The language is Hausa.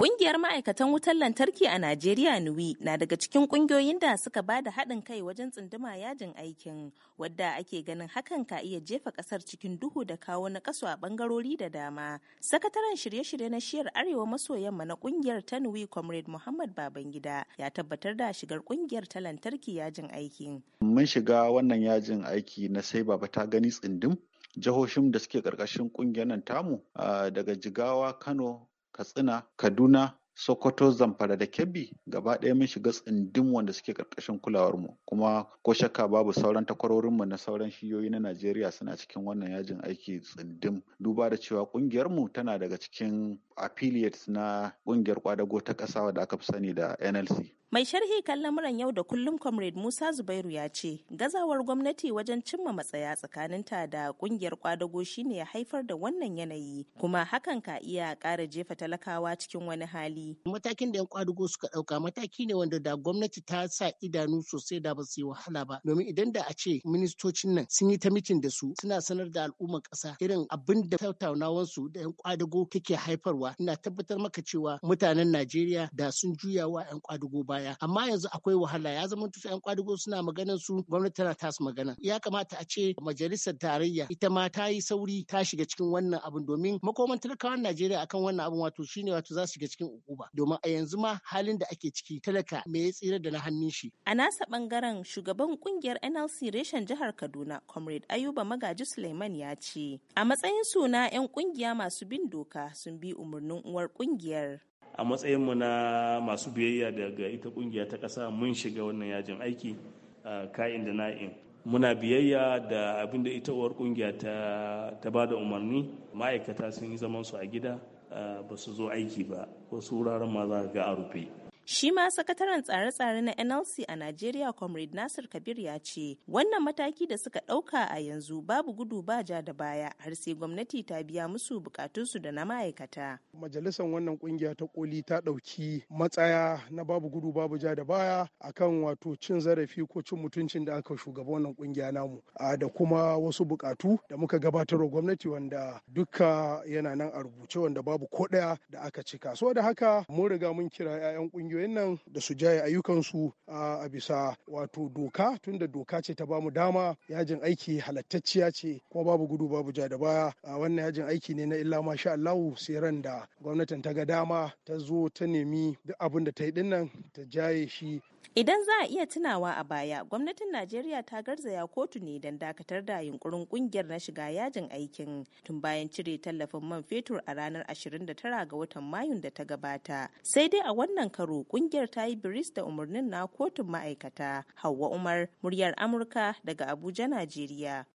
Kungiyar ma'aikatan wutar lantarki a Najeriya Nuwi na daga cikin kungiyoyin da suka ba da haɗin kai wajen tsunduma yajin aikin wadda ake ganin hakan ka iya jefa ƙasar cikin duhu da kawo na kaso a ɓangarori da dama. Sakataren shirye-shirye na shiyar Arewa maso yamma na kungiyar ta Nuwi Comrade Muhammad Babangida ya tabbatar da shigar kungiyar ta lantarki yajin aikin. Mun shiga wannan yajin aiki na sai baba ta gani tsindum jihohin da suke ƙarƙashin ƙungiyar nan tamu ah, daga Jigawa, Kano, katsina kaduna sokoto zamfara da kebbi gaba ɗaya mun shiga tsindin wanda suke karkashin kulawarmu kuma ko shakka babu sauran takwarorinmu na sauran shiyoyi na najeriya suna cikin wannan yajin aiki tsindin, duba da cewa ƙungiyarmu tana daga cikin affiliates na ƙungiyar ƙwadago ta ƙasa da aka fi sani da nlc Mai sharhi kan lamuran yau da kullum Comrade Musa Zubairu ya ce, gazawar gwamnati wajen cimma matsaya tsakaninta da kungiyar kwadago shine ya haifar da wannan yanayi, kuma hakan ka iya kara jefa talakawa cikin wani hali. Matakin da 'yan kwadago suka ɗauka mataki ne wanda da gwamnati ta sa idanu sosai da ba su yi wahala ba, domin idan da a ce ministocin nan sun yi ta mitin da su suna sanar da al'ummar ƙasa irin abin da tattaunawar su da 'yan kwadago take haifarwa, ina tabbatar maka cewa mutanen Najeriya da sun juyawa 'yan kwadago baya. baya amma yanzu akwai wahala ya zama tufa yan kwadugo suna maganar su gwamnati tana tasu magana ya kamata a ce majalisar tarayya ita ma ta yi sauri ta shiga cikin wannan abin domin makoman talakawan Najeriya akan wannan abin wato shine wato za su shiga cikin ukuba domin a yanzu ma halin da ake ciki talaka me ya tsira da na hannun shi a nasa bangaren shugaban kungiyar NLC reshen jihar Kaduna comrade Ayuba Magaji Suleiman ya ce a matsayin suna yan kungiya masu bin doka sun bi umarnin uwar kungiyar a matsayin mu na masu biyayya daga ita kungiya ta ƙasa mun shiga wannan yajin aiki ka'in da na'in muna biyayya da abin da ita uwar kungiya ta ba da umarni ma'aikata sun yi zaman su a gida ba su zo aiki ba wasu wuraren ma za ga a rufe Shi ma sakataren tsare-tsare na NLC a nigeria Comrade Nasir Kabir ya ce, wannan mataki da suka ɗauka a yanzu babu gudu ba ja da baya har sai gwamnati ta biya musu bukatunsu da na ma'aikata. Majalisar wannan kungiya ta koli ta ɗauki matsaya na babu gudu babu ja da baya akan wato cin zarafi ko cin mutuncin da aka shugaba wannan kungiya namu a da kuma wasu bukatu da muka gabatarwa gwamnati wanda duka yana nan a rubuce wanda babu ko ɗaya da aka cika. So da haka mun riga mun kira 'ya'yan kungiyoyi kungiyoyin nan da su jaye ayyukansu a bisa wato doka tunda doka ce ta bamu dama yajin aiki halattacciya ce kuma babu gudu babu ja da baya a wannan yajin aiki ne na illa masha Allah sai ran da gwamnatin ta ga dama ta zo ta nemi duk abin da ta yi dinnan ta jaye shi Idan za a iya tunawa a baya, gwamnatin Najeriya ta garzaya kotu ne don dakatar da yunkurin kungiyar na shiga yajin aikin tun bayan cire tallafin man fetur a ranar 29 ga watan Mayun da ta gabata. Sai dai a wannan karo kungiyar ta yi biris da umarnin na kotun ma'aikata. Hauwa Umar, muryar Amurka daga Abuja, Najeriya.